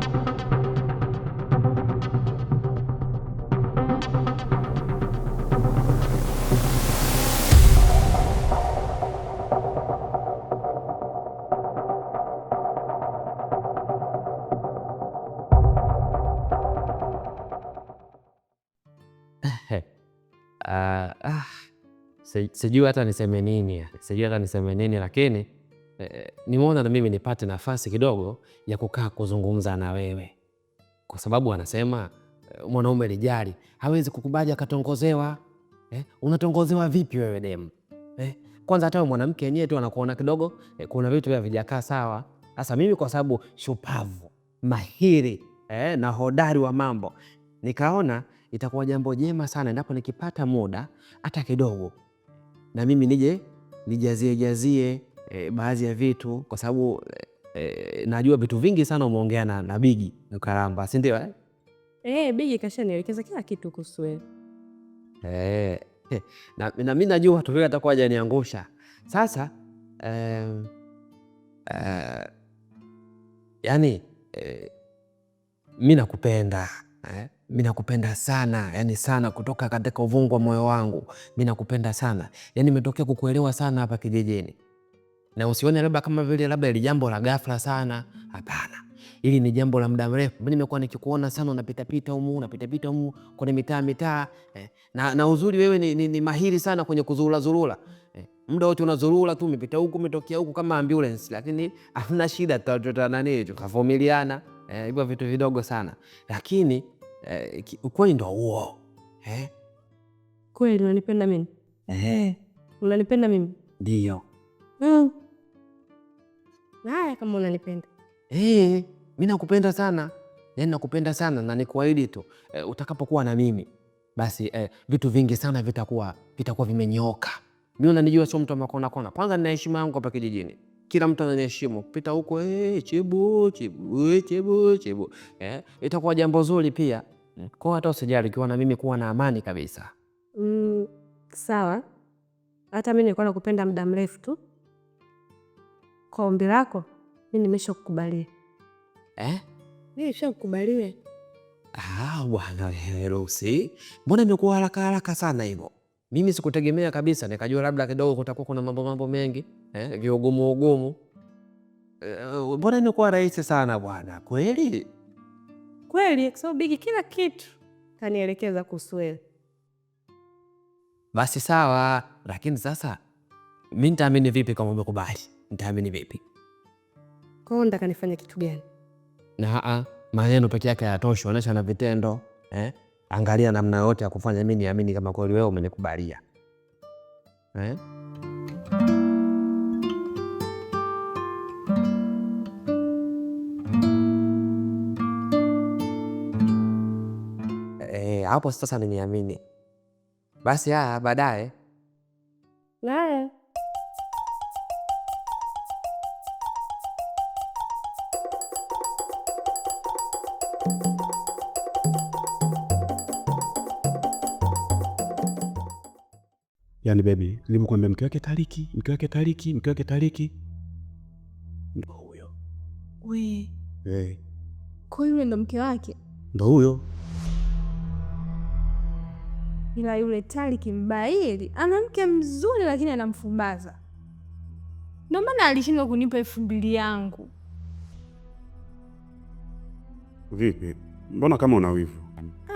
Uh, ah, ah sijui hata niseme nini, sijui hata niseme nini lakini eh, nimeona na mimi nipate nafasi kidogo ya kukaa kuzungumza na wewe, kwa sababu anasema eh, mwanaume lijali hawezi kukubali akatongozewa. Eh, unatongozewa vipi wewe demu? Eh, kwanza hata mwanamke yenyewe tu anakuona kidogo eh, kuna vitu vya vijakaa sawa. Sasa mimi kwa sababu shupavu mahiri eh, na hodari wa mambo, nikaona itakuwa jambo jema sana endapo nikipata muda hata kidogo na mimi nije nijazie jazie eh, baadhi ya vitu kwa sababu eh, najua vitu vingi sana umeongea na, na Bigi Karamba, si ndio eh? E, eh, Bigi kashanielekeza kila kitu kuhusu wewe e, na, na mi najua watu wengi atakuwa hajaniangusha sasa eh, eh, yani eh, mi nakupenda eh? Mi nakupenda sana yani sana, kutoka katika uvungu wa moyo wangu mi nakupenda sana yani, nimetokea kukuelewa sana hapa kijijini na usione labda kama vile labda ili jambo la ghafla sana. Hapana, ili ni jambo la muda mrefu. Mimi nimekuwa nikikuona sana unapita unapitapita humu pita humu kwenye mitaa mitaa eh, na, na uzuri wewe ni, ni, ni mahiri sana kwenye kuzurura zurura eh, muda wote unazurura tu, umepita huku umetokea huku kama ambulance, lakini hamna shida, tutatana nani, tukavumiliana eh, hivyo eh, vitu vidogo sana lakini eh, ukweli ndo huo eh? Kweli unanipenda mimi eh? Unanipenda mimi ndio mm. Haya, kama unanipenda hey, eh, mi nakupenda sana, yaani nakupenda sana na nikuahidi tu eh, utakapokuwa na mimi basi eh, vitu vingi sana vitakuwa vitakuwa vimenyoka. Mi unanijua sio mtu wa kona kwanza nina heshima yangu hapa kijijini, kila mtu ananiheshimu pita huko hey, eh, chibu chibu chibu chibu eh, itakuwa jambo zuri pia kwa hata usijali, ukiwa na mimi kuwa na amani kabisa. Mm, sawa. Hata mi nilikuwa nakupenda muda mrefu tu kwa ombi lako mi nimeshakukubalia eh? mi nishakukubalia. Ah, bwana wewe mbona imekuwa haraka haraka sana hivyo? Mimi sikutegemea kabisa, nikajua labda kidogo kutakuwa kuna mambo mambo mengi eh, viugumu ugumu. Eh, mbona eh, imekuwa rahisi sana bwana, kweli kweli, kwa sababu Bigi kila kitu kanielekeza kuhusu wewe. Basi sawa, lakini sasa mi nitaamini vipi kama umekubali? nitaamini vipi? Kwa hiyo nataka nifanye kitu gani? Na maneno peke yake hayatoshi, onyesha na vitendo eh? Angalia namna yote ya kufanya mimi niamini kama kweli wewe umenikubalia eh? eh hapo sasa niniamini basi. Haya, baadaye naye yani bebi, nilimkwambia mke wake Tariki, mke wake Tariki, mke wake Tariki ndo huyo. We hey. Eh. Kwa yule ndo mke wake, ndo huyo ila yule Tariki mbaili ana mke mzuri, lakini anamfumbaza. Ndio maana alishindwa kunipa elfu mbili yangu. Vipi, mbona kama una wivu?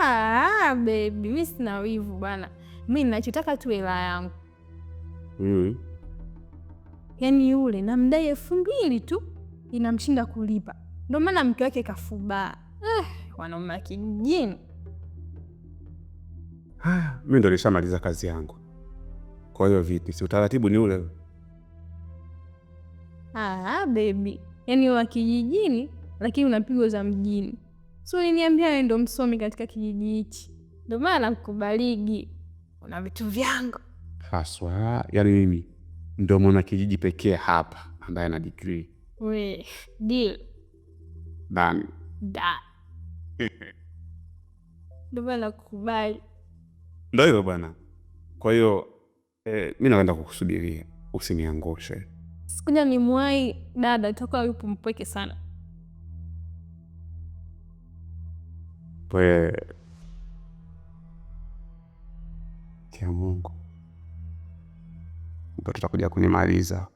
Ah, baby, mimi sina wivu bana mi nachotaka tu hela yangu mm. Yaani yule namdai elfu mbili tu inamshinda kulipa, ndo maana mke wake kafubaa. Eh, wanaume wa kijijini. Mi ndo nishamaliza kazi yangu, kwa hiyo vipi, si utaratibu ni ule. Ah, bebi, yaani wa kijijini lakini unapigwa za mjini. So uliniambia wewe ndo msomi katika kijiji hichi, ndo maana nakubaligi una vitu vyangu haswa. Yani mimi ndo mwana kijiji pekee hapa ambaye ana We deal dani da ndio kukubali, ndo hivyo bwana. Kwa hiyo eh, mi naenda kukusubiria, usiniangushe. Sikuja nimwai dada, itakuwa yupo mpweke sana ya Mungu ndio tutakuja kunimaliza.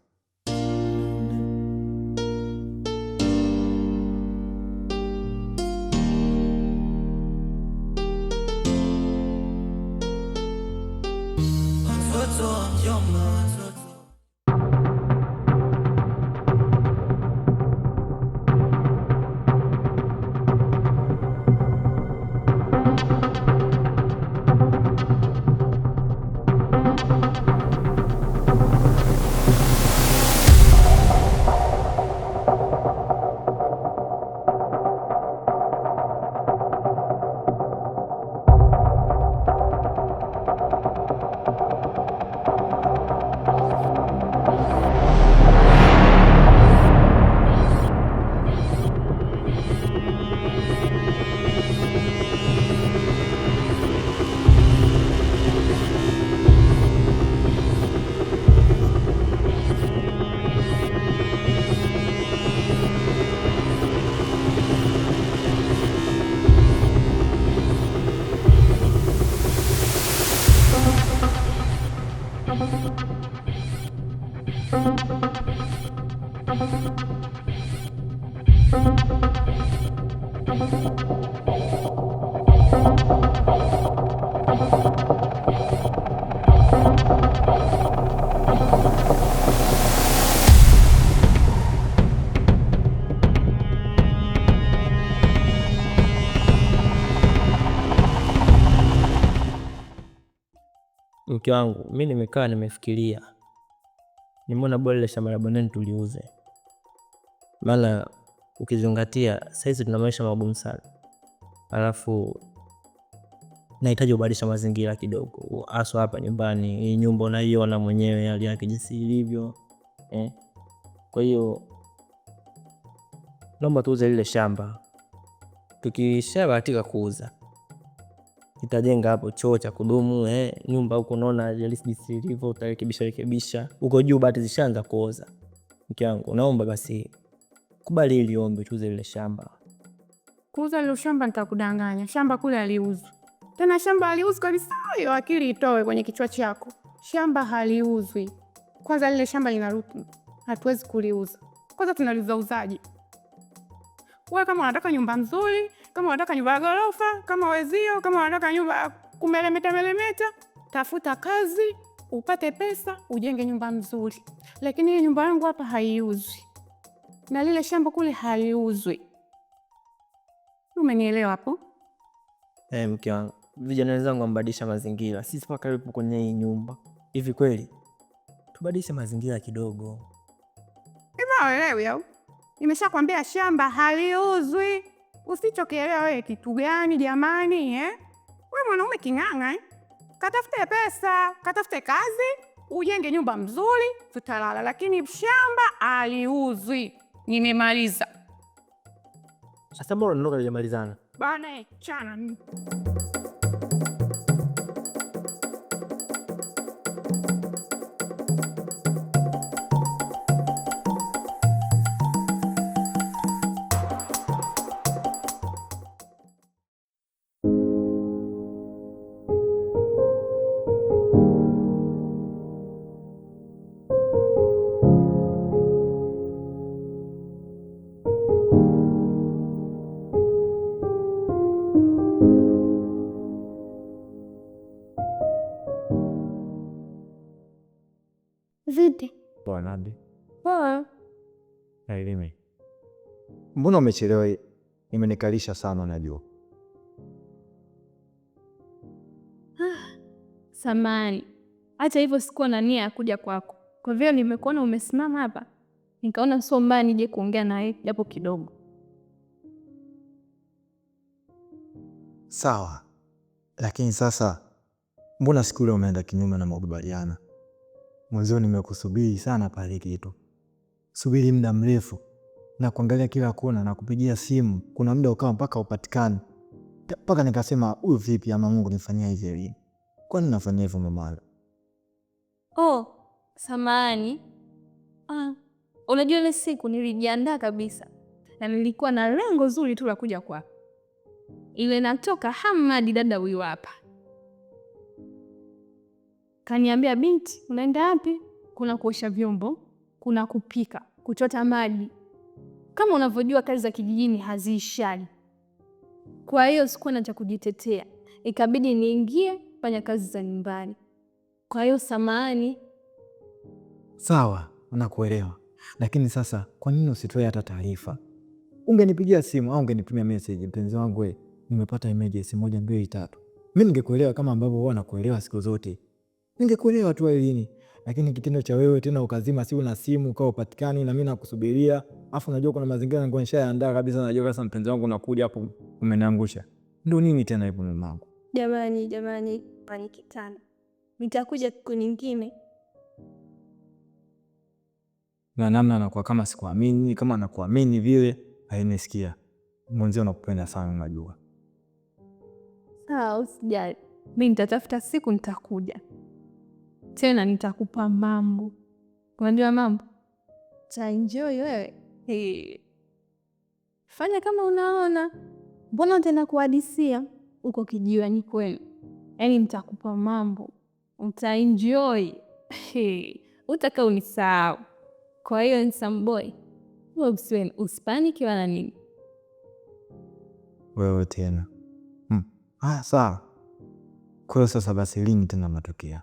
Mke wangu, mi nimekaa nimefikiria, nimeona bora ile shamba la tuliuze, maana ukizingatia sahizi tuna maisha magumu sana, alafu nahitaji kubadilisha mazingira kidogo, haswa hapa nyumbani. Hii nyumba unaiona mwenyewe hali yake jinsi ilivyo eh. Kwa hiyo naomba tuuze lile shamba, tukishabahatika kuuza itajenga hapo choo cha kudumu eh, nyumba huko unaona jinsi ilivyo, utarekebisha rekebisha huko juu, bati zishaanza kuoza. Mke wangu, naomba basi kubali hili ombi, tuuze lile shamba. Kuuza lile shamba? Nitakudanganya, shamba kule aliuzwa tena, shamba haliuzwi kabisa. Hiyo akili itoe kwenye kichwa chako, shamba haliuzwi. Kwanza lile shamba lina rutuba, hatuwezi kuliuza. Kwanza tunaliuza uzaji wewe kama unataka nyumba nzuri, kama unataka nyumba ya ghorofa, kama wezio, kama unataka nyumba ya kumelemeta melemeta, tafuta kazi upate pesa ujenge nyumba nzuri, lakini hii nyumba yangu hapa haiuzwi na lile shamba kule haliuzwi. Umenielewa hapo? Eh, mke wangu, vijana wenzangu wamebadilisha mazingira, sisi paka yupo kwenye hii nyumba. Hivi kweli tubadilishe mazingira kidogo? Uelewi au? Nimeshakwambia shamba haliuzwi. Usichokielewa wewe kitu gani jamani eh? We mwanaume king'ang'a eh? Katafute pesa, katafute kazi, ujenge nyumba mzuri, tutalala, lakini shamba haliuzwi. Nimie Marisa. A sta morendo allora di Marisana. Bane, nadi Kailime, mbona umechelewa? Imenikalisha sana najua. Ah, samani, hata hivyo sikuwa na nia ya kuja kwako, kwa vile nimekuona umesimama hapa, nikaona sio mbaya nije kuongea naye japo kidogo. Sawa, lakini sasa mbona siku ile umeenda kinyume na makubaliano? Mwenzio nimekusubiri sana pale kitu subiri muda mrefu na kuangalia kila kona na kupigia simu, kuna muda ukawa mpaka upatikane, mpaka nikasema huyu vipi, ama Mungu nifanyia hivi Kwani nafanyia hivyo mama? Oh, samani. Ah, unajua ile siku nilijiandaa kabisa na nilikuwa na lengo zuri tu la kuja kwako, ile natoka Hamadi dada huyu hapa kaniambia, binti, unaenda wapi? Kuna kuosha vyombo, kuna kupika, kuchota maji. Kama unavyojua kazi za kijijini haziishali. Kwa hiyo sikuwa na cha kujitetea, ikabidi niingie fanya kazi za nyumbani. Kwa hiyo samahani. Sawa, nakuelewa, lakini sasa kwa nini usitoe hata taarifa? Ungenipigia simu au ungenitumia meseji, mpenzi wangu, we nimepata emergency moja mbili tatu. Mi ningekuelewa kama ambavyo huwa nakuelewa siku zote, ningekuelewa tu wewe lini, lakini kitendo cha wewe tena ukazima simu na simu ukawa upatikani na mimi nakusubiria, afu najua kuna mazingira nilikuwa nishaandaa kabisa, najua sasa mpenzi wangu unakuja hapo, umeniangusha. Ndio nini tena hivyo mume wangu? Jamani, jamani, paniki sana. Nitakuja siku nyingine. Na namna anakuwa kama sikuamini, kama anakuamini vile, hainisikia. mwenzio, nakupenda sana najua. Sawa, usijali. Mimi nitatafuta siku nitakuja tena nitakupa mambo. Unajua mambo taenjoi wewe. Hey, fanya kama unaona, mbona tena kuhadisia huko kijiwani kwenu? Yaani nitakupa mambo utaenjoi. Hey, utaka unisahau. Kwa hiyo nsamboy, usiwe usipaniki wala nini wewe tena. Hmm. Ah, sawa. Kwa hiyo sasa basi lini tena matokeo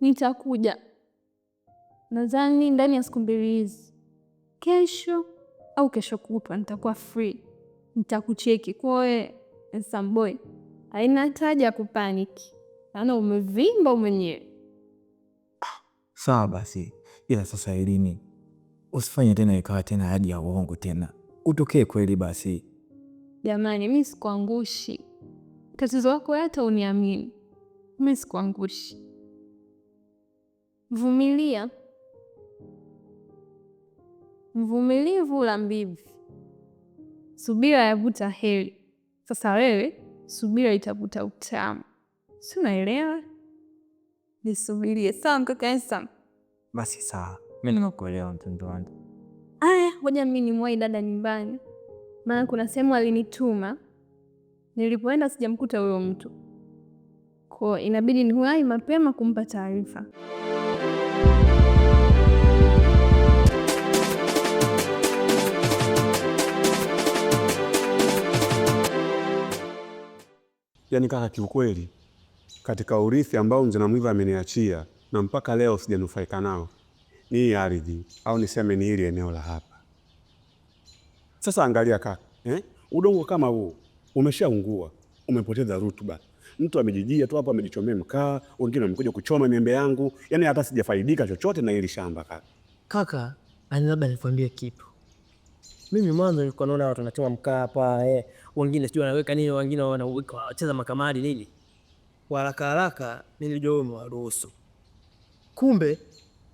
nitakuja nadhani ndani ya siku mbili hizi, kesho au kesho kutwa nitakuwa free, nitakucheki kwawe samboy, haina haja kupaniki, ana umevimba mwenyewe. Sawa basi, ila sasa Elini, usifanye tena ikawa tena hadi ya uongo tena, utokee kweli basi. Jamani, mi sikuangushi, tatizo wako hata uniamini, mi sikuangushi Vumilia. Mvumilivu la mbibi. Subira yavuta heri. Sasa wewe subira itavuta utamu, si unaelewa? Nisubirie sawa, mkakaesa? Basi sawa, mi nimekuelewa mtoto wangu. Aya, ngoja mi nimwahi dada nyumbani, maana kuna sehemu alinituma. Nilipoenda sijamkuta huyo mtu, kwa inabidi niwahi mapema kumpa taarifa. yani kaka, kiukweli katika urithi ambao mzee Mwiva ameniachia na mpaka leo sijanufaika nao ni hii ardhi, au niseme ni hili eneo la hapa. Sasa angalia kaka, eh? udongo kama huu umeshaungua, umepoteza rutuba. Mtu amejijia tu hapo amejichomea mkaa, wengine wamekuja kuchoma miembe yangu, yani hata sijafaidika chochote na hili shamba kaka. Kaka, labda nikwambie kitu mimi mwanzo nilikuwa naona watu wanachoma mkaa hapa eh, wengine sijui wanaweka nini, wengine wanaweka wacheza makamadi nini, Kwa haraka. Nilijua wewe umewaruhusu, kumbe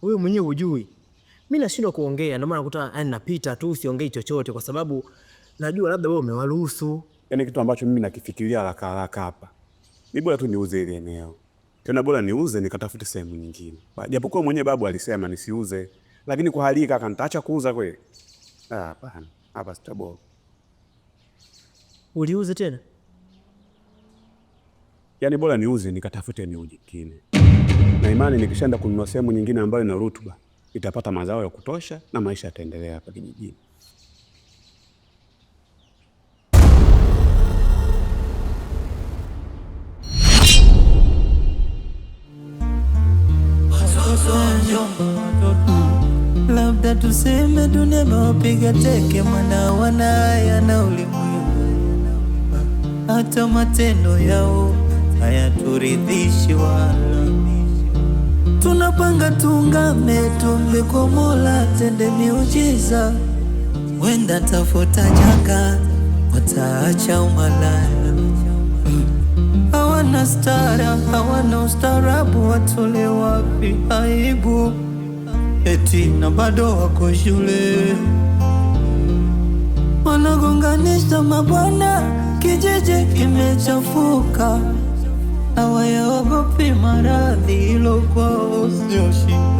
wewe mwenyewe hujui. Mimi nashindwa kuongea, ndio maana nakuta yani napita tu, siongei chochote, kwa sababu najua labda wewe umewaruhusu. Yani kitu ambacho mimi nakifikiria haraka haraka hapa ni bora tu niuze ile eneo, tena bora niuze nikatafute sehemu nyingine, japokuwa mwenyewe babu alisema nisiuze, lakini kwa hali kaka, nitaacha kuuza kweli? Hapana, hapa sitaboa. Uliuze tena? Yaani bora niuze nikatafute eneo jingine, na imani nikishaenda kununua sehemu nyingine ambayo ina rutuba, itapata mazao ya kutosha na maisha yataendelea hapa kijijini. tuseme dunia mapiga teke, mwana wanaya na ulimwengu, hata matendo yao hayaturidhishi wala. Tunapanga tungame, tuombe kwa Mola tende miujiza, wenda tafuta janga, wataacha umalaya. Hawana stara, hawana ustarabu, watole wapi aibu eti na bado wako shule, wanagonganisha mabwana, kijiji kimechafuka, hawayaogopi maradhi, ilo kwao sio shida.